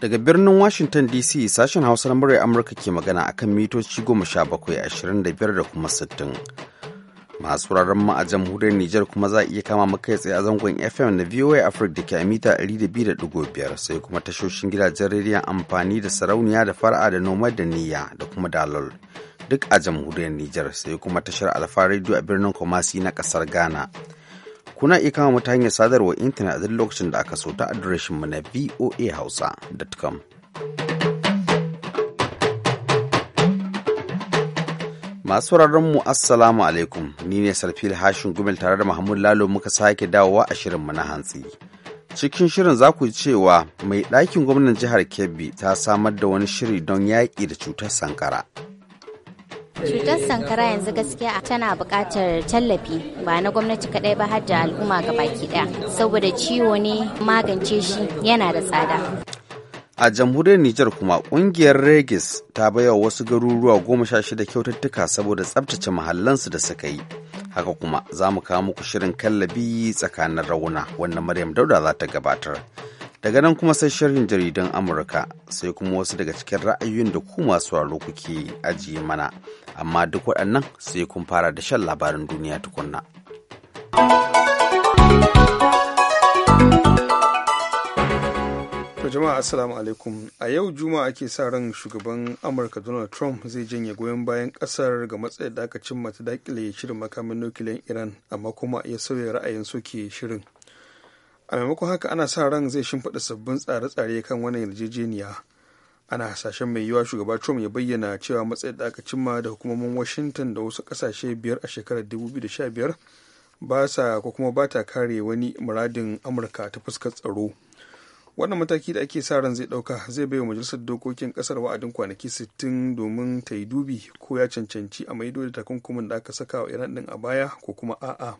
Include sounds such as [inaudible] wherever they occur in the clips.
Daga birnin Washington DC sashen Hausa na murya Amurka ke magana a kan mitoci goma sha bakwai ashirin da biyar da kuma sittin. Masu wuraren ma a jamhuriyar Nijar kuma za a iya kama maka tsaye a zangon FM na VOA Africa da ke a mita 200.5 sai kuma tashoshin gidajen rediyon amfani da sarauniya da fara'a da noma da niyya da kuma dalol. Duk a jamhuriyar Nijar sai kuma tashar Alfa Radio a birnin Kumasi na kasar Ghana. kuna iya kama mu hanyar sadarwar intanet a duk lokacin da aka so ta adireshin mu na voahausa.com. Masu mu Assalamu alaikum, ni ne Sarfil Hashin Gumel tare da Mahmud Lalo muka sake dawowa a shirin mu na hantsi. Cikin shirin za ku ji cewa mai ɗakin gwamnan jihar Kebbi ta samar da wani shiri don yaƙi da cutar sankara. cutar sankara yanzu gaskiya tana buƙatar tallafi ba na gwamnati kaɗai ba har da al'umma ga baki ɗaya saboda ciwo ne magance shi yana da tsada a jamhuriyar Nijar kuma kungiyar Regis ta baiwa wasu garuruwa goma sha shida kyaututtuka saboda tsabtace mahallansu da suka yi. Haka kuma za mu kawo muku shirin kallabi tsakanin rauna wannan Maryam Dauda za ta gabatar. Daga nan kuma sai shirin jaridan Amurka sai kuma wasu daga cikin ra'ayoyin da ku masu kuke ajiye mana. amma duk waɗannan sai kun fara da shan labarin duniya tukunna. jama'a assalamu alaikum a yau juma'a ake sa ran shugaban amurka donald trump zai janye goyon bayan kasar ga matsayin da aka cimma ta dakile shirin makamin nukiliyar iran amma kuma ya sauya ra'ayin soke shirin a maimakon haka ana sa ran zai shimfiɗa sabbin tsare-tsare kan wannan yarjejeniya ana hasashen mai yiwuwa shugaba trump ya bayyana cewa matsayin da aka cimma da hukumomin washington da wasu kasashe biyar a shekarar 2015 ba sa ko kuma ba ta kare wani muradin amurka ta fuskar tsaro wannan mataki da ake sa ran zai dauka zai baiwa majalisar dokokin kasar wa'adin kwanaki 60 domin ta yi dubi ko ya cancanci a maido da takunkumin da aka saka wa iran din a baya ko kuma a'a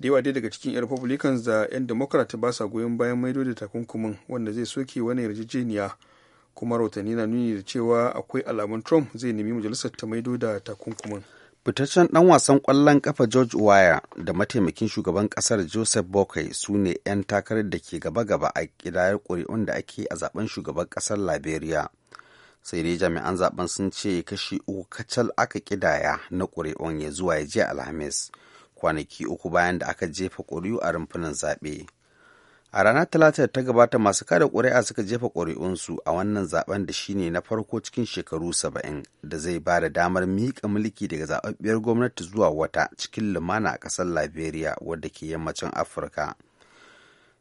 da yawa dai daga cikin 'yan republicans da 'yan democrat ba sa goyon bayan maido da takunkumin wanda zai soke wani yarjejeniya kuma rahotanni na nuni da cewa akwai alamun trump zai nemi majalisar ta maido da takunkumin fitaccen dan wasan kwallon kafa george waya da mataimakin shugaban kasar joseph bokai su ne 'yan takarar da ke gaba-gaba a kidayar ƙuri'un da ake a zaben shugaban kasar liberia sai dai jami'an zaben sun ce kashi uku kacal aka kidaya na ƙuri'un ya zuwa ya je alhamis kwanaki uku bayan da aka jefa ƙuri'u a rumfunan zaɓe a ranar talata da ta gabata masu kada ƙuri'a suka jefa ƙuri'unsu a wannan zaben da shine na farko cikin shekaru saba'in da zai ba da damar miƙa mulki daga zaɓaɓɓiyar gwamnati zuwa wata cikin lumana a ƙasar liberia wadda ke yammacin afirka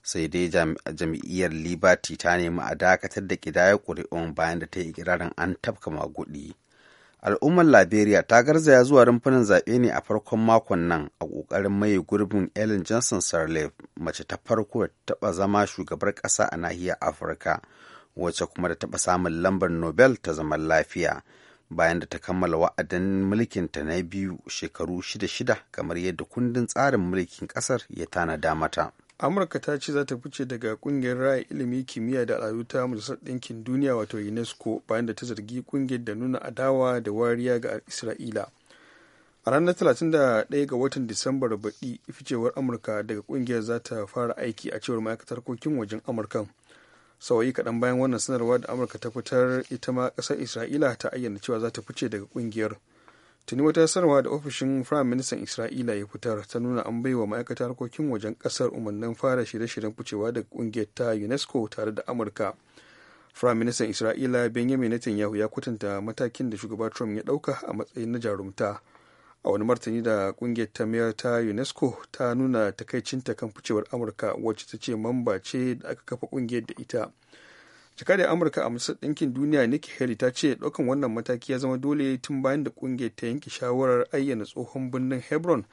sai dai jam'iyyar liberty ta nemi a dakatar da ƙidayar ƙuri'un bayan da ta yi ikirarin an tafka maguɗi al'ummar liberia ta garzaya zuwa rumfunan zaɓe ne a farkon makon nan a ƙoƙarin maye gurbin ellen johnson sirleaf mace ta farko da taɓa zama shugabar ƙasa a nahiyar afirka wacce kuma da taɓa samun lambar nobel ta zaman lafiya bayan da ta kammala wa'adin mulkinta na biyu shekaru shida-shida kamar yadda kundin tsarin mulkin ƙasar ya tanada mata. amurka ta ce za ta fice daga kungiyar raya ilimi kimiyya da al'adu ta majalisar ɗinkin duniya wato unesco bayan da ta zargi kungiyar da nuna adawa da wariya ga isra'ila a ranar 31 ga watan disambar baɗi ficewar amurka daga kungiyar za ta fara aiki a cewar ma'aikatar harkokin wajen amurkan sauyi kaɗan bayan wannan sanarwa da amurka ta fitar ita ma ƙasar isra'ila ta ayyana cewa za ta fice daga kungiyar tuni wata sanarwa da ofishin firayim ministan isra'ila ya fitar ta nuna an bai wa ma'aikatar harkokin wajen kasar umarnin fara shirye-shiryen ficewa daga kungiyar ta unesco tare da amurka firayim ministan isra'ila benjamin netanyahu ya kwatanta matakin da shugaba trump ya dauka a matsayin na jarumta a wani martani da kungiyar ta mayar ta unesco ta nuna takaicinta kan ficewar amurka wacce ta ce mamba ce da aka kafa kungiyar da ita jakadiyar amurka a majalisar ɗinkin duniya nikki haley ta ce ɗaukan wannan mataki ya zama dole tun bayan da ƙungiyar ta yanke shawarar ayyana tsohon birnin hebron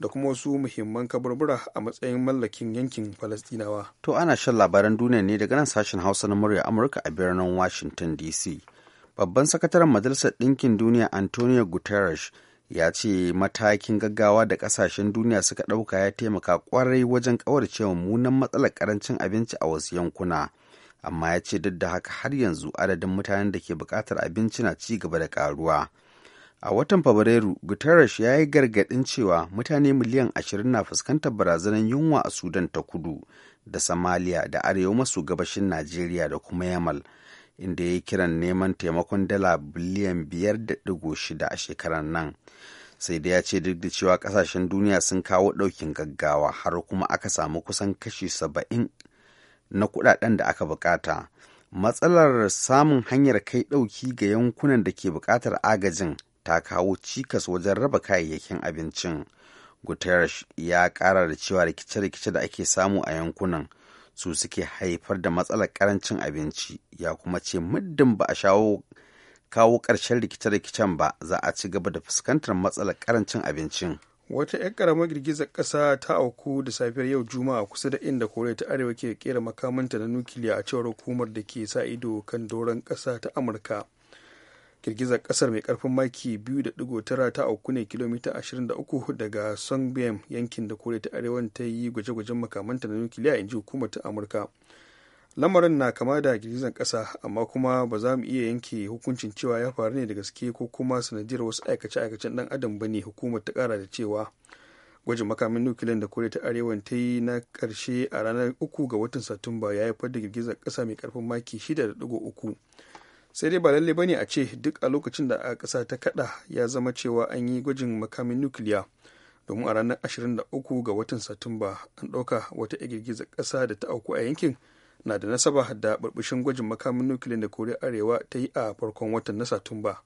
da kuma wasu muhimman kaburbura a matsayin mallakin yankin falastinawa to ana shan labaran duniya ne daga nan sashen hausa na murya amurka a birnin washington dc babban sakataren majalisar ɗinkin duniya antonio guterres ya ce matakin gaggawa da ƙasashen duniya suka ɗauka ya taimaka kwarai wajen ƙawar cewa mummunan matsalar ƙarancin abinci a wasu yankuna. amma ya ce duk da haka har yanzu adadin mutanen da ke buƙatar abinci na ci gaba da ƙaruwa. A watan Fabrairu, Guterres ya yi gargaɗin cewa mutane miliyan ashirin na fuskantar barazanar yunwa a Sudan ta kudu da samaliya da arewa maso gabashin Najeriya da kuma Yamal, inda ya yi kiran neman taimakon dala biliyan biyar da 5.6 a shekarar nan. Sai da ya ce duk da cewa kasashen duniya sun kawo ɗaukin gaggawa har kuma aka samu kusan kashi saba'in. na kuɗaɗen da aka bukata. Matsalar samun hanyar kai ɗauki ga yankunan da ke buƙatar agajin ta kawo cikas wajen raba kayayyakin abincin. Guterres ya ƙara da cewa rikice-rikice da ake samu a yankunan su suke haifar da matsalar ƙarancin abinci ya kuma ce muddin ba a shawo kawo ƙarshen rikice-rikicen ba za a ci gaba da fuskantar matsalar ƙarancin abincin. wata 'yan karamar girgizar ƙasa ta auku da safiyar yau juma'a kusa da inda korea ta arewa ke kera makamanta na nukiliya a cewar hukumar da ke sa ido kan doron ƙasa ta amurka girgizar ƙasar mai karfin maki 2.9 ta auku ne kilomita 23 daga songbem yankin da korea ta arewa ta yi gwaje-gwajen makamanta na nukiliya in ji hukumar ta amurka lamarin na kama da girgizan kasa amma kuma ba za mu iya yanke hukuncin cewa ya faru ne da gaske ko kuma sanadiyar wasu aikace-aikacen dan adam ba ne hukumar ta kara da cewa gwajin makamin nukiliyar da kore ta arewan ta yi na karshe a ranar uku ga watan satumba ya haifar da girgizar kasa mai karfin maki 6.3 sai dai ba lalle ne a ce duk a lokacin da a kasa ta kaɗa ya zama cewa an yi gwajin makamin nukiliya domin a ranar 23 ga watan satumba an ɗauka wata girgizar ƙasa da ta auku a yankin na da nasaba da burbushin gwajin makamin nukiliyar da koriya arewa ta yi a farkon watan na satumba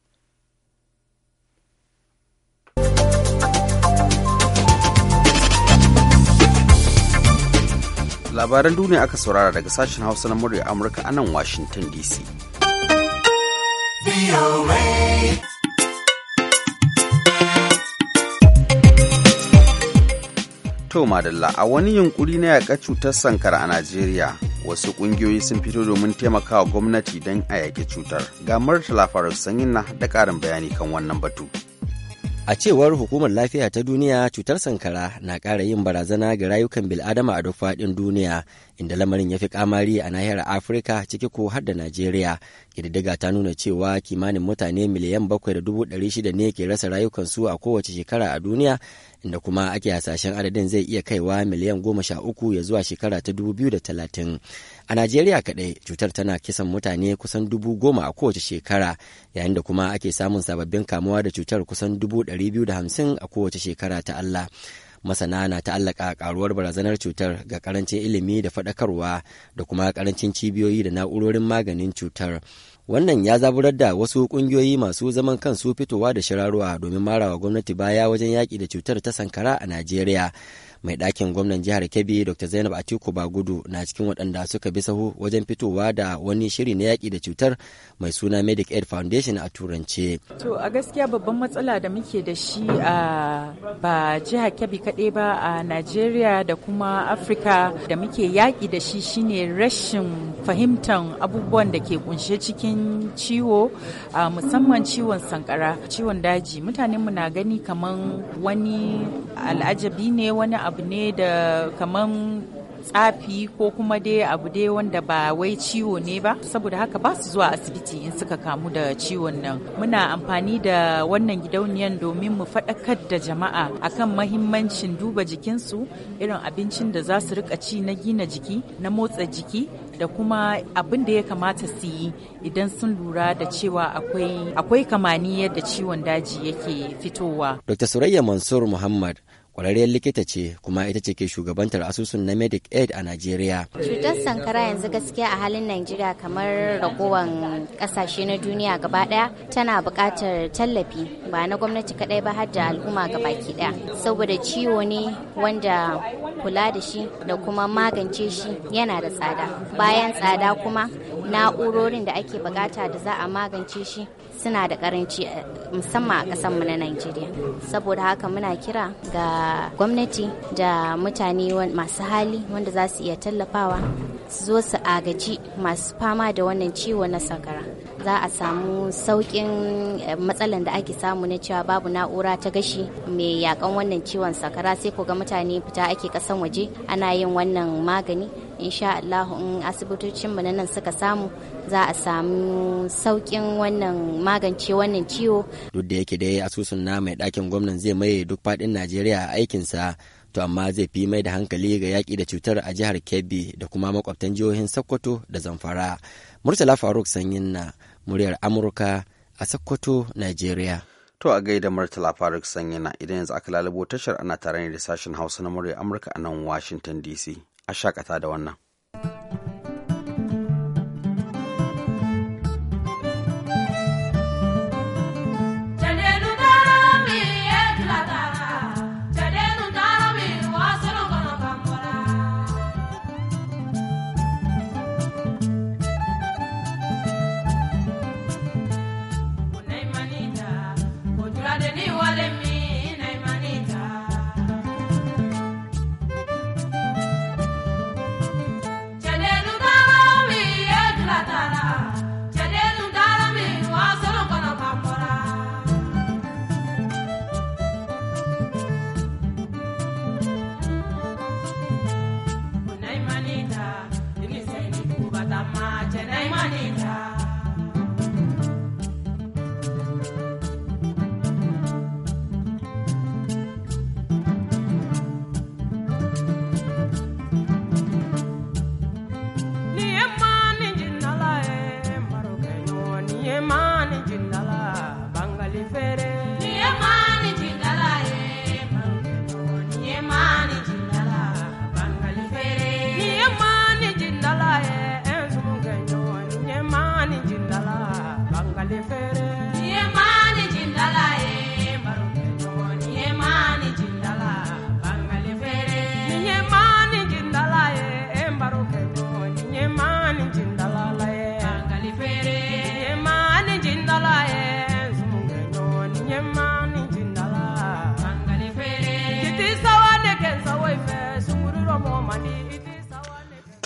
labaran duniya aka saurara daga sashen hausa na murya amurka anan washington dc To Madalla, a wani yunkuri na yaƙa cutar sankara a Najeriya, wasu ƙungiyoyi sun fito domin taimakawa gwamnati don a yaƙi cutar ga marta farar sanyin na da ƙarin bayani kan wannan batu a cewar hukumar lafiya ta duniya cutar sankara na ƙara yin barazana ga rayukan bil'adama a duk faɗin duniya inda lamarin ya fi kamari a nahiyar afirka ciki ko har da najeriya kididdiga ta nuna cewa kimanin mutane miliyan 7,600 ne ke rasa rayukansu a kowace shekara a duniya inda kuma ake hasashen adadin zai iya kaiwa miliyan 13 ya zuwa shekara ta 2030 a najeriya kadai cutar tana kisan mutane kusan dubu goma a kowace shekara yayin da kuma ake samun sababbin kamuwa da cutar kusan 250 a kowace shekara ta allah masana na ta ta'allaka karuwar barazanar cutar ga karancin ilimi da faɗakarwa da kuma karancin cibiyoyi da na'urorin maganin cutar wannan ya zaburar da wasu kungiyoyi masu zaman kansu fitowa da shirarwa domin marawa gwamnati baya wajen yaƙi da cutar ta sankara a najeriya mai ɗakin gwamnan jihar kebbi dr zainab atiku bagudu na cikin waɗanda suka bi sahu wajen fitowa da wani shiri na yaƙi da cutar mai suna medic aid foundation a turance to a gaskiya babban matsala da muke da shi a ba jihar kebbi kaɗai ba a nigeria da kuma afirka da muke yaƙi da shi shine rashin fahimtar abubuwan da ke kunshe cikin ciwo musamman ciwon sankara ciwon daji mutanenmu na gani kaman wani al'ajabi ne wani abu abu ne da kaman tsafi ko kuma dai abu dai wanda ba wai ciwo ne ba saboda haka ba su zuwa asibiti in suka kamu da ciwon nan muna amfani da wannan gidauniyan domin mu faɗakar da jama'a akan mahimmancin duba jikinsu irin abincin da za su rika ci na gina jiki na motsa jiki da kuma abin da ya kamata su yi idan sun lura da cewa akwai kamani yadda ciwon daji yake fitowa. Dr. Surayya Mansur Muhammad kwararriyar likita ce kuma ita ce ke shugabantar asusun na medic aid a nigeria. cutar sankara yanzu gaskiya a halin nigeria kamar ragowar kasashe na duniya gaba daya tana bukatar tallafi ba na gwamnati kadai ba har da al'umma baki daya saboda ciwo ne wanda kula da shi da kuma magance shi yana da tsada bayan tsada kuma na'urorin da ake bukata da za a magance shi suna da karanci eh, musamman a ƙasarmu na nigeria saboda haka muna kira ga da gwamnati da mutane masu hali wanda za su iya tallafawa su zo su agaji masu fama da wannan ciwo na sakara za a samu saukin eh, matsalan da ake samu na cewa babu na'ura ta gashi mai yakan wannan ciwon sakara sai ku ga mutane fita ake kasan waje ana yin wannan magani insha Allah in asibitocin mu nan suka samu za a samu saukin wannan magance wannan ciwo duk da yake dai asusun na mai ɗakin gwamnan zai maye duk faɗin Najeriya aikinsa to amma zai fi mai da hankali ga yaƙi da cutar a jihar Kebbi da kuma makwabtan jihohin Sokoto da Zamfara Murtala Faruk Sanyin na muryar Amurka a Sokoto Najeriya To a gaida Murtala Faruk na idan yanzu aka lalubo tashar ana tare da sashen Hausa na muryar Amurka a nan Washington DC. a shakata da wannan.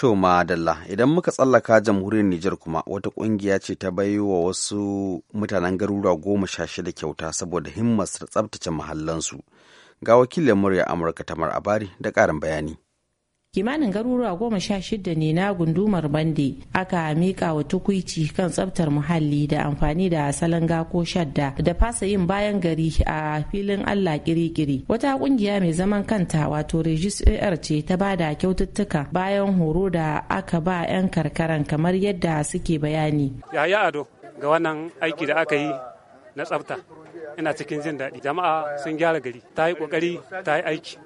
To madalla idan muka tsallaka jamhuriyar Nijar kuma wata kungiya ce ta bai wa wasu mutanen garuruwa goma sha shida kyauta saboda himmar tsabtace mahallansu. Ga wakilin murya Amurka Tamar Abari da ƙarin bayani. kimanin garuruwa goma sha shida ne na gundumar bande aka mika wa tukuici kan tsabtar muhalli da amfani da salanga ko shadda da fasa yin bayan gari a filin allah kirikiri wata kungiya mai zaman kanta wato regis ar ce ta ba da kyaututtuka bayan horo da aka ba 'yan karkaran kamar yadda suke bayani yaya ado ga wannan aiki da aka yi na tsabta ina cikin jin daɗi jama'a sun gyara gari ta yi ƙoƙari ta yi aiki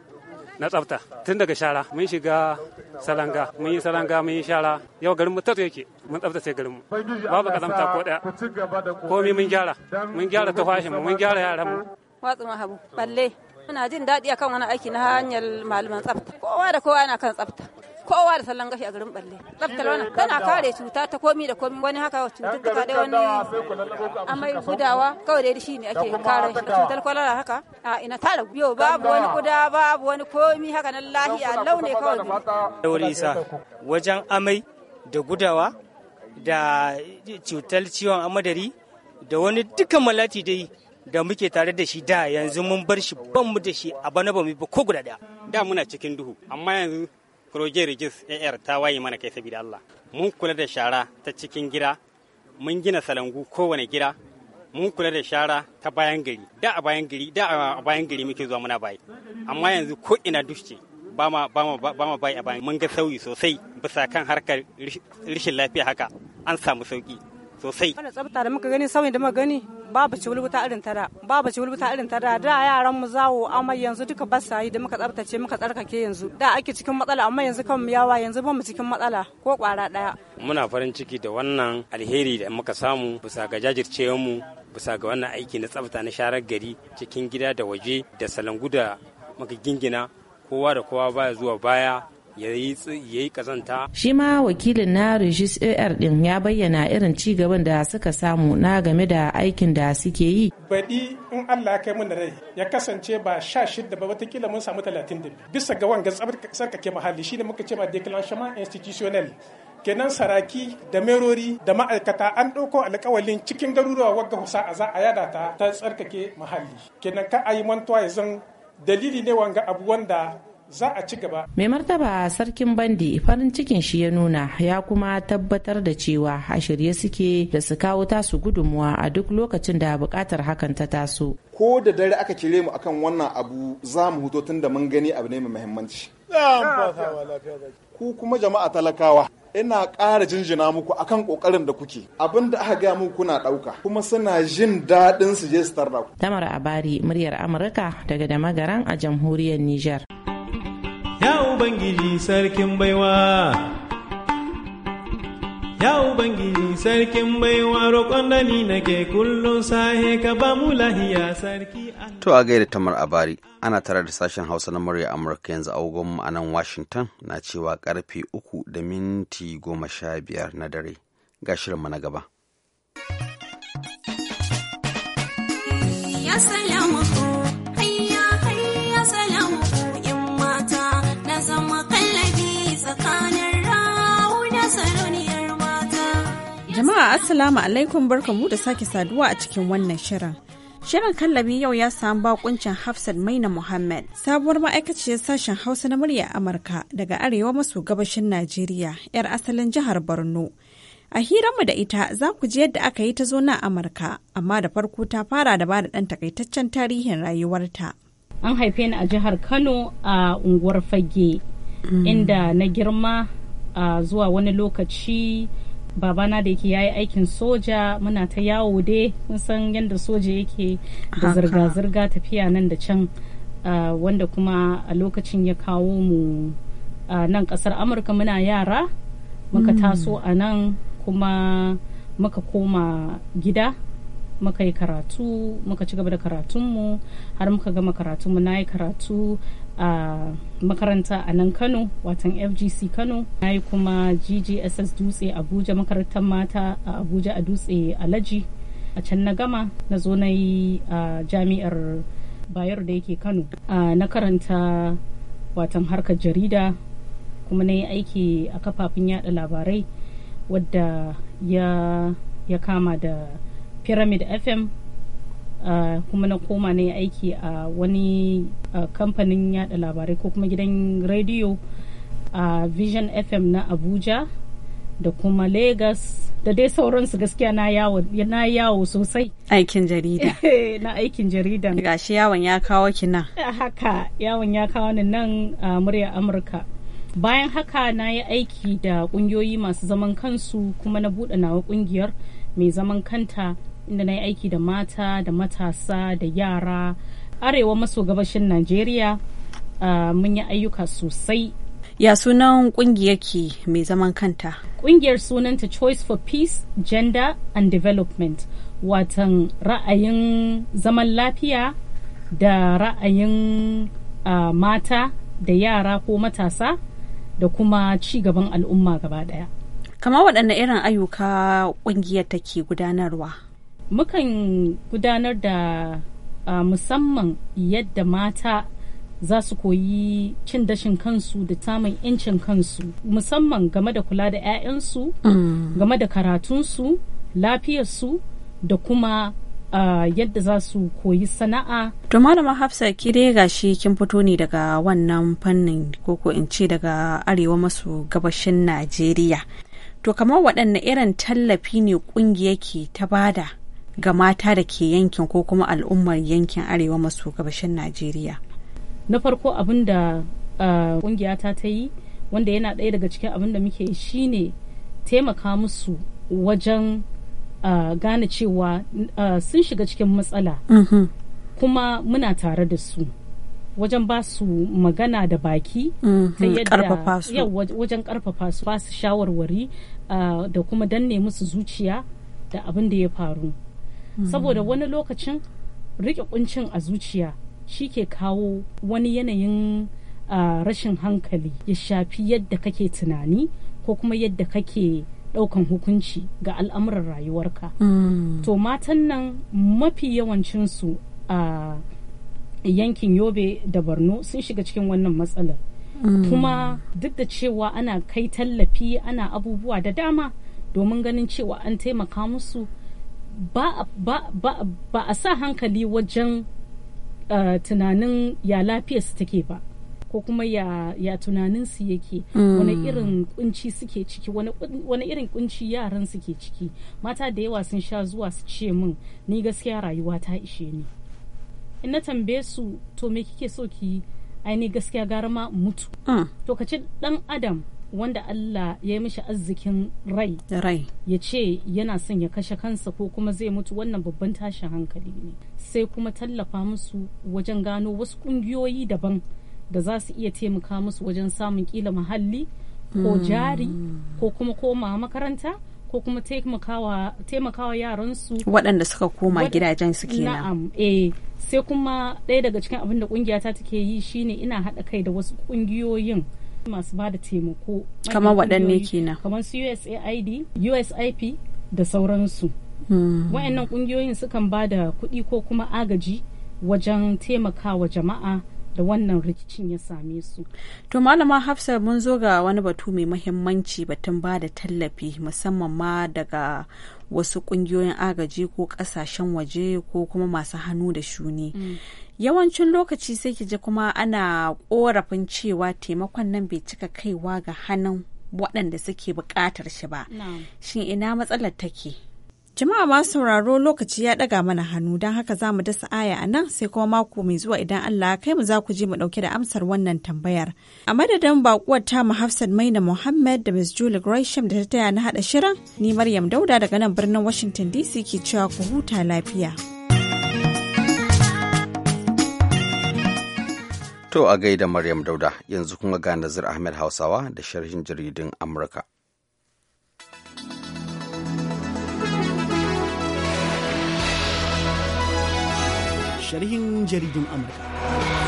na tsafta tun daga shara mun shiga salanga mun yi salanga mun yi shara yau garin mu tatso yake mun tsafta sai garin mu babu kazamta ko daya komai mun gyara mun gyara tafashin mu mun gyara yaran mu watsu habu balle muna jin daɗi akan wani aiki na hanyar malaman tsafta kowa da kowa yana kan tsafta kowa da sallan gashi a garin balle tsaftar wannan tana kare cuta ta komi da komi wani haka cututtuka dai wani amai gudawa kawai dai shi ne ake kare shi cutar kwalara haka a ina tara biyo babu wani guda babu wani komi haka nan lahiya launi kawai wuri isa wajen amai da gudawa da cutar ciwon amadari da wani dukkan malati dai da muke tare da shi da yanzu mun bar shi ban mu da shi a bana ba mu ba ko guda daya da muna cikin duhu amma yanzu projet Rigis AR ta waye mana kai saboda Allah. Mun kula da shara ta cikin gida, mun gina salangu kowane gida, mun kula da shara ta bayan gari. Da a bayan gari, da a bayan gari muke zuwa muna bayi. Amma yanzu ko ina dusce ba ma bayi a bayan. Mun ga sauyi sosai bisa kan harkar rashin lafiya haka an samu sauki. sosai. Kana tsafta da muka gani sauyin da muka gani babu ciwulwuta irin tada babu ciwulwuta irin tada da yaran mu zawo amma yanzu duka ba sa da muka tsaftace muka tsarkake yanzu da ake cikin matsala amma yanzu kan mu yawa yanzu ba mu cikin matsala ko kwara daya. Muna farin ciki da wannan alheri da muka samu bisa ga jajircewar mu bisa ga wannan aiki na tsafta na sharar gari cikin gida da waje da salangu da muka gingina kowa da kowa baya zuwa baya ya yi kazanta. Shi ma wakilin na Regis AR din ya bayyana irin ci gaban da suka samu na game da aikin da suke yi. Baɗi in Allah ya kai mun rai ya kasance ba sha shidda ba watakila mun samu talatin da bisa ga wanga tsarkake muhalli shine muka ce ma declenchement institutionnel kenan saraki da merori da ma'aikata an ɗauko alƙawalin cikin garuruwa wagga husa a za a yada ta ta tsarkake muhalli kenan ka a yi mantuwa ya zan dalili ne wanga abu wanda za a ci gaba. Mai martaba sarkin bandi farin cikin shi ya nuna ya kuma tabbatar da cewa a shirye suke da su kawo tasu gudunmuwa a duk lokacin da bukatar hakan ta taso. Ko da dare aka kire mu akan wannan abu za mu hutu tun da mun gani abu ne mai muhimmanci. Ku kuma jama'a talakawa ina ƙara jinjina muku akan ƙoƙarin da kuke abin da aka gaya muku kuna ɗauka kuma suna jin daɗin su je su tarda ku. Tamar Abari muryar Amurka daga Damagaran a jamhuriyar Nijar. Ubangiji sarkin baiwa. Ya Ubangiji sarkin baiwa roƙon da ni nake kullum sahe ka ba mu lahiya sarki To a gaida tamar a bari ana tare da sashen Hausa na murya Amurka yanzu agogon a nan Washington na cewa karfe uku da minti goma sha biyar na dare ga shirinmu na gaba. Ya Jama'a Assalamu alaikum barkamu da sake saduwa a cikin wannan shirin. Shirin kallabi yau ya samu bakuncin Hafsat Maina Muhammad, sabuwar ma'aikaciyar sashen Hausa na murya Amurka daga arewa maso gabashin Najeriya, 'yar asalin jihar Borno. A hiranmu da ita za ku ji yadda aka yi ta zo na Amurka, amma da farko ta fara da bada ɗan takaitaccen tarihin rayuwarta. An haife ni a jihar Kano a unguwar Fage, mm. inda na girma zuwa wani lokaci babana da yake yayi aikin soja muna ta yawo dai mun san yadda soja yake da zirga-zirga tafiya nan da can wanda kuma a lokacin ya kawo mu nan kasar amurka muna yara muka mm. taso a nan kuma muka koma gida muka yi karatu muka ci gaba da karatunmu har muka gama karatunmu na yi karatu a makaranta a nan kano watan fgc kano na yi kuma ggss dutse abuja makarantar mata a abuja a dutse alaji a can na gama na zo na yi a jami'ar bayar da yake kano na karanta watan harkar jarida kuma na yi aiki a kafafin yada labarai wadda ya, ya kama da pyramid fm kuma na koma na aiki a wani kamfanin yada labarai ko kuma gidan rediyo a vision fm na abuja da kuma lagos da dai sauransu gaskiya na yawo yawo sosai aikin jarida [laughs] eh, na aikin jarida gashi yawon ya kawo ki nan haka yawon ya kawo ni nan a murya amurka bayan haka na yi aiki da kungiyoyi masu zaman kansu kuma na buɗe nawa kungiyar mai zaman kanta inda na yi aiki da mata da matasa da yara arewa maso gabashin najeriya mun yi ayyuka sosai ya sunan kungiyar ki mai zaman kanta kungiyar sunanta choice for peace gender and development watan ra'ayin zaman lafiya da ra'ayin mata da yara ko matasa da kuma ci gaban al'umma gaba daya kamar waɗanne irin ayyuka ƙungiyar take gudanarwa mukan gudanar da uh, musamman yadda mata za su koyi cin dashin kansu da samun incin kansu musamman game da kula da 'ya'yansu mm. game da karatunsu lafiyarsu da kuma Uh, yadda za su koyi sana'a. To malama Hafsa ki dai gashi kin fito ne daga wannan fannin koko in ce daga arewa masu gabashin Najeriya. To kamar waɗanne irin tallafi ne ƙungiya ke ta bada ga mata da ke yankin ko kuma al'ummar yankin arewa maso gabashin najeriya na farko abin da ƙungiyata ta yi wanda yana ɗaya daga cikin abin da muke shine taimaka musu wajen gane cewa sun shiga cikin matsala mm-hmm. kuma muna tare da su wajen ba su magana da baki ta mm-hmm. yadda wajen karfafa su ba su shawarwari da kuma danne musu zuciya da abin da ya faru Hmm. saboda wani lokacin riƙe kuncin a zuciya shi ke kawo wani yanayin rashin hankali ya shafi yadda kake tunani ko kuma yadda kake ɗaukan hukunci ga al'amuran rayuwarka hmm. to matan nan mafi yawancinsu a yankin yobe da borno sun shiga cikin wannan matsalar hmm. kuma duk da cewa ana kai tallafi ana abubuwa da dama domin ganin cewa an taimaka musu ba a sa hankali wajen eh, tunanin ya lafiyar su take ba ko kuma ya, ya tunanin su yake mm. wani irin kunci suke ciki wani irin kunci yaran suke ciki mata da yawa sun sha zuwa su ce min ni gaskiya rayuwa ta ishe ni in na tambaye su to me kike so ki ai ni gaskiya gara ma mutu mm. to ka ce dan adam wanda Allah ya yi mishi arzikin rai ya ce yana son ya kashe kansa ko kuma zai mutu wannan babban tashin hankali ne sai kuma tallafa musu wajen gano wasu kungiyoyi daban da za su iya taimaka musu wajen samun kila muhalli ko hmm. jari ko kuma koma makaranta ko kuma taimakawa yaransu waɗanda suka koma gidajen su kenan na'am eh sai kuma ɗaya daga cikin abin da ƙungiyata take yi shine ina haɗa kai da wasu ƙungiyoyin masu ba da taimako kamar waɗanne kenan kamar su USAID USIP da sauransu hmm. Wa'annan ƙungiyoyin sukan ba da kuɗi ko kuma agaji wajen taimakawa jama'a da wannan rikicin ya same su. To malama Hafsa mun zo ga wani batu mai mahimmanci batun ba da tallafi musamman ma daga wasu kungiyoyin agaji ko kasashen waje ko kuma masu hannu da shuni. Mm. Yawancin lokaci sai ki ji kuma ana korafin cewa taimakon nan bai cika kaiwa ga hannun waɗanda suke buƙatar shi ba. Shin ina matsalar take? Jama'a ma sauraro lokaci ya ɗaga mana hannu don haka za mu dasa aya a nan sai kuma mako mai zuwa idan Allah kai mu za ku je mu ɗauke da amsar wannan tambayar. A madadin baƙuwar ta mu Hafsat Maina Muhammad da Miss Julie Gresham da ta taya na haɗa shirin ni Maryam Dauda daga nan birnin Washington DC ke cewa ku huta lafiya. To a gaida Maryam Dauda yanzu kuma ga Nazir Ahmed Hausawa da sharhin jaridun Amurka. sharhin jaridun Amurka.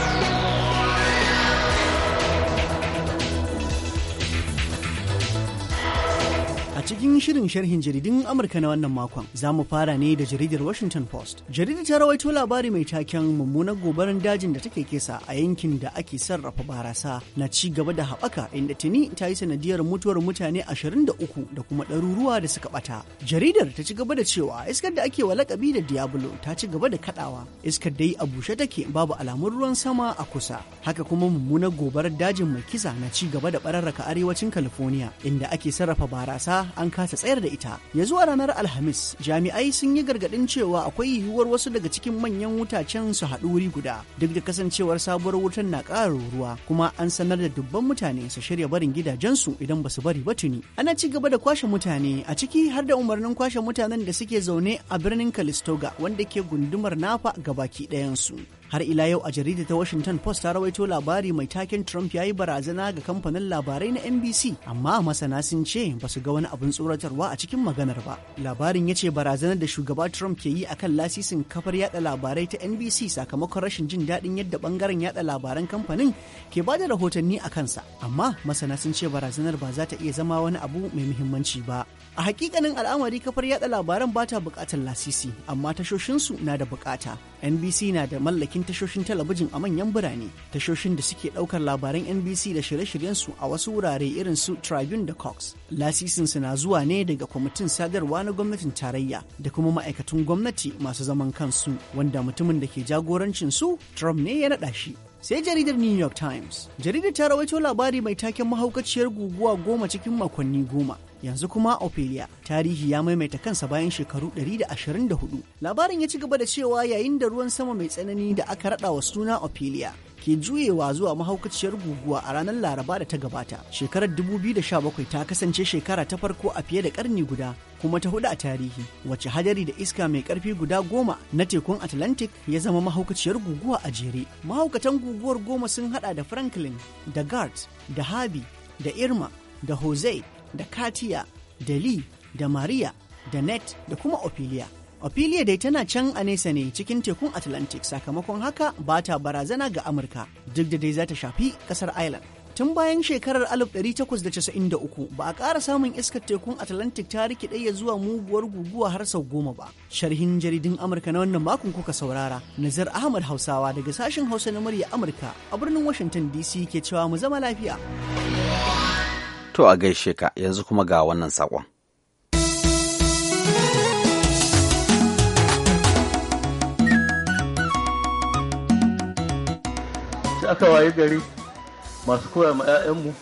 A cikin shirin sharhin jaridun Amurka na wannan makon, za mu fara ne da jaridar Washington Post. Jaridar ta rawaito labari mai taken mummunan gobarar dajin da take kesa a yankin da ake sarrafa barasa na ci gaba da haɓaka inda tuni ta yi sanadiyar mutuwar mutane 23 da kuma ɗaruruwa da suka ɓata. Jaridar ta ci gaba da cewa iskar da ake walakabi da Diablo ta ci gaba da kaɗawa. Iskar dai a bushe take babu alamun ruwan sama a kusa. Haka kuma mummunar gobarar dajin mai kisa na ci gaba da bararraka arewacin California inda ake sarrafa barasa an kasa tsayar da ita ya zuwa ranar alhamis jami'ai sun yi gargadin cewa akwai yiwuwar wasu daga cikin manyan wutacen su haɗu wuri guda duk da kasancewar sabuwar wutar na ƙara ruwa kuma an sanar da dubban mutane su shirya barin gidajensu idan ba su bari ba tuni ana ci gaba da kwashe mutane a ciki har da umarnin kwashe mutanen da suke zaune a birnin calistoga wanda ke gundumar nafa ga baki ɗayansu har ila yau a jarida ta washington post ta rawaito labari mai taken trump ya yi barazana ga kamfanin labarai na nbc amma masana sun ce ba su ga wani abin tsoratarwa a cikin maganar ba labarin ya ce barazanar da shugaba trump ke yi akan lasisin kafar yada labarai ta nbc sakamakon rashin jin daɗin yadda bangaren yada labaran kamfanin ke bada rahotanni a kansa amma masana sun ce barazanar ba za ta iya zama wani abu mai muhimmanci ba A hakikanin al'amari kafar yada labaran bata bukatar lasisi, amma tashoshinsu na da bukata. NBC na da mallakin tashoshin talabijin a manyan birane, tashoshin da suke daukar labaran NBC da shirye-shiryensu a wasu wurare irin su Tribune da Cox. Lasisinsu na zuwa ne daga kwamitin sadarwa na gwamnatin tarayya da kuma ma'aikatun gwamnati masu zaman kansu, wanda mutumin da ke jagorancin su Trump ne ya naɗa shi. sai jaridar new york times jaridar ta rawaito labari mai taken mahaukaciyar guguwa goma cikin makonni goma yanzu kuma ophelia tarihi ya maimaita kansa bayan shekaru 124 labarin ya ci gaba da cewa yayin da ruwan sama mai tsanani da aka raɗa wa suna ophelia ke juyewa zuwa mahaukaciyar guguwa a ranar laraba da ta gabata shekarar 2017 ta kasance shekara ta farko a fiye da karni guda kuma ta hudu a tarihi wacce hadari da iska mai karfi guda goma na tekun atlantic ya zama mahaukaciyar guguwa a jere mahaukatan guguwar goma sun hada da franklin da gart da harvey da irma da jose da katia da lee da maria da net da kuma ophelia Ophelia dai tana can a nesa ne cikin tekun Atlantic sakamakon haka ba ta barazana ga Amurka duk da dai za ta shafi kasar Ireland. tun bayan shekarar 1893 ba a ƙara samun iskar tekun atlantic ta rike ɗaya zuwa muguwar guguwa har sau goma ba sharhin jaridin amurka na wannan makon kuka saurara nazar ahmad hausawa daga sashen hausa na murya amurka a birnin washington dc ke cewa mu zama lafiya to a gaishe ka yanzu kuma ga wannan saƙon aka waye gari masu koya ma 'ya'yanmu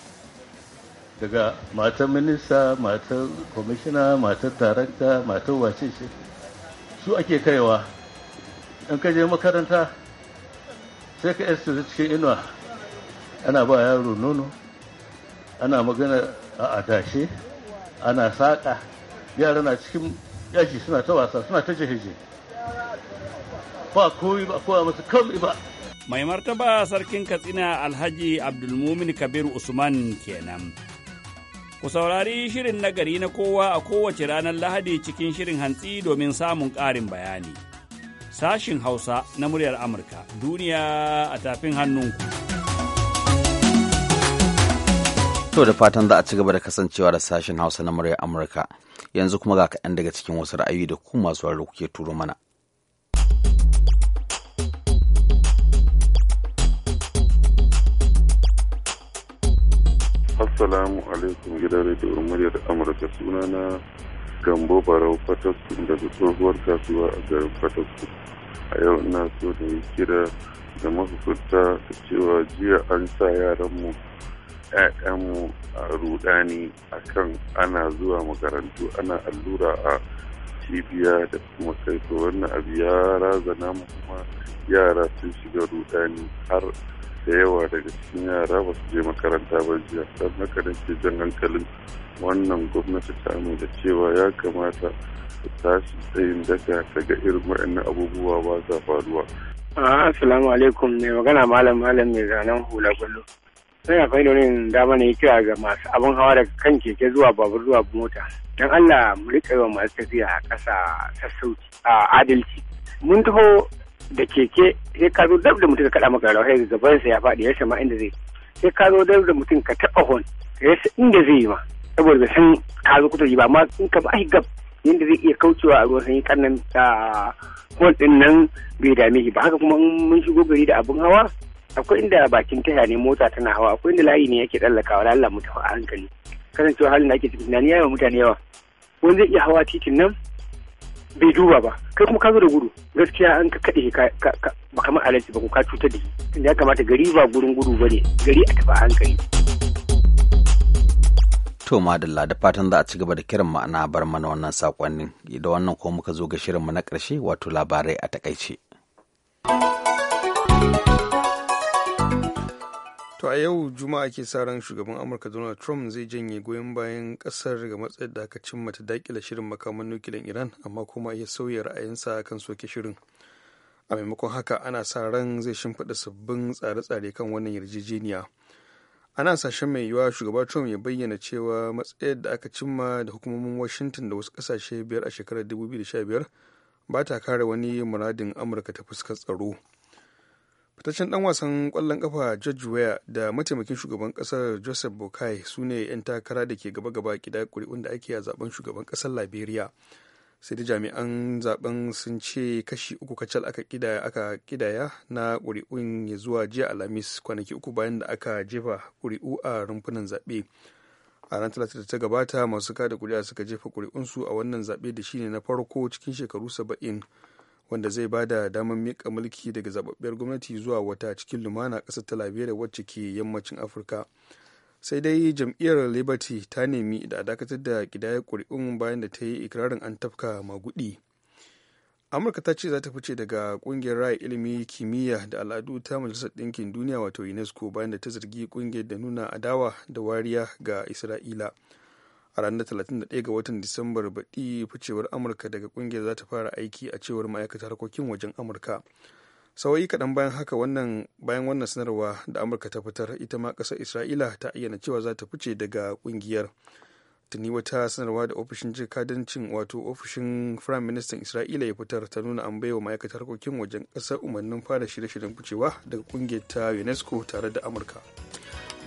daga matan minista matan kwamishina matan tarakta matan wace ce su ake kaiwa in ka je makaranta sai ka yasta cikin inuwa ana ba yaro nono ana magana a adashe ana saƙa yara na cikin yaji suna ta wasa suna ta jeheje ba koyi ba koya masu kam ba mai martaba sarkin katsina alhaji abdulmumin kabir usman kenan ku saurari shirin nagari na kowa a kowace ranar lahadi cikin shirin hantsi domin samun ƙarin bayani sashin hausa na muryar amurka duniya a tafin hannunku to da fatan za a ci gaba da kasancewa da sashin hausa na muryar amurka yanzu kuma ga kaɗan daga cikin wasu ra'ayi da ku masu kuke turo mana Assalamu alaikum gidan rediyon muryar Amurka suna na Gambo Barau Fatasku daga tsohuwar kasuwa a garin Fatasku. A yau ina so da yi kira da mahukunta da cewa jiya an sa yaranmu ‘ya'yanmu a rudani kan ana zuwa makarantu ana allura a cibiya da kuma kai wannan abu ya razana mu kuma yara sun shiga rudani har da yawa daga cikin yara ba su je makaranta ba jiya don haka ke jan hankalin wannan gwamnati ta mu da cewa ya kamata ta tashi tsayin daka daga irin waɗannan abubuwa ba za faruwa. Ah, assalamu alaikum mai magana malam malam mai zanen hula kwallo. Sai akwai wani dama ne kira ga masu abin hawa daga kan keke zuwa babur zuwa mota. Don Allah mu riƙa yi wa masu tafiya a ƙasa sassauci a adalci. Mun taho da keke sai ka zo dab da mutum ka kaɗa maka rawa sai sa ya faɗi ya sama inda zai sai ka zo dab da mutum ka taɓa hon ya inda zai yi ma saboda san ka zo kuta ba ma in ka ba shi gab inda zai iya kaucewa a ruwan sanyi kannan hon ɗin nan bai dame shi ba haka kuma mun shigo gari da abin hawa akwai inda bakin tasha ne mota tana hawa akwai inda layi ne yake tsallakawa lalla mu a hankali kasancewa halin da ake cikin tunani yawa mutane yawa wani zai iya hawa titin nan bai duba ba kai kuma ka zo da gudu gaskiya an ka kaɗe ba kamar alaji ba ko ka cutar da shi tunda ya kamata gari ba gurin gudu ba ne gari a tafi hankali. To madalla da fatan za a ci gaba da kiran ma'ana bar mana wannan saƙonnin da wannan ko muka zo ga shirinmu na ƙarshe wato labarai a takaice. to a yau juma'a ke sa ran shugaban amurka donald trump zai janye goyon bayan kasar ga matsayar da aka cimma ta dakila shirin makaman nukilin iran amma kuma ya sauya ra'ayinsa kan soke shirin a maimakon haka ana sa ran zai shimfiɗa sabbin tsare-tsare kan wannan yarjejeniya ana sashen mai yiwuwa shugaba trump ya bayyana cewa matsayar da aka cimma da hukumomin washington da wasu kasashe biyar a shekarar 2015 ba ta kare wani muradin amurka ta fuskar tsaro fitaccen dan wasan kwallon kafa george weah da mataimakin shugaban kasar joseph bokai su ne 'yan takara da ke gaba-gaba gida kuri'un da ake a zaben shugaban kasar liberia sai da jami'an zaben sun ce kashi uku kacal aka kidaya na kuri'un ya zuwa jiya alhamis kwanaki uku bayan da aka jefa kuri'u a rumfunan zaɓe a ran talata da ta gabata masu kada kuri'a suka jefa kuri'unsu a wannan zaɓe da shine na farko cikin shekaru saba'in wanda zai ba da damar miƙa mulki daga zababbiyar gwamnati zuwa wata cikin lumana ƙasar ta liberia wacce ke yammacin afirka sai dai jam'iyyar liberty ta nemi da a dakatar da kidayar ƙuri'un bayan da ta yi ikirarin an tafka magudi amurka ta ce za ta fice daga ƙungiyar raya ilimi kimiyya da al'adu ta majalisar ɗinkin duniya wato unesco bayan da ta zargi ƙungiyar da nuna adawa da wariya ga isra'ila a ranar 31 ga watan disambar baɗi ficewar amurka daga ƙungiyar za ta fara aiki a cewar ma'aikatar harkokin wajen amurka sawayi kaɗan bayan haka wannan bayan wannan sanarwa da amurka ta fitar ita ma ƙasar isra'ila ta ayyana cewa za ta fice daga ƙungiyar tuni wata sanarwa da ofishin jikadancin wato ofishin firayim ministan isra'ila ya fitar ta nuna an baiwa ma'aikatar harkokin wajen ƙasar umarnin fara shirye-shiryen ficewa daga ƙungiyar ta unesco tare da amurka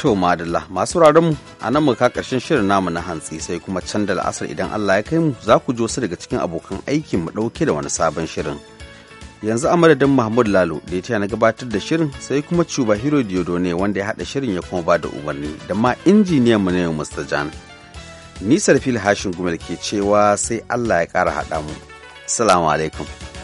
To madalla masu mu a nan muka karshen shirin namu na hantsi sai kuma can da la'asar idan Allah ya kai mu za ku ji wasu daga cikin abokan aikin mu ɗauke da wani sabon shirin. Yanzu a madadin Mahmud Lalo da ya na gabatar da shirin sai kuma Cuba Hiro ne wanda ya haɗa shirin ya kuma ba da umarni da ma injiniyan mu ne Mr. Jan. Nisar fil hashin gumel ke cewa sai Allah ya ƙara haɗa mu. Salamu alaikum.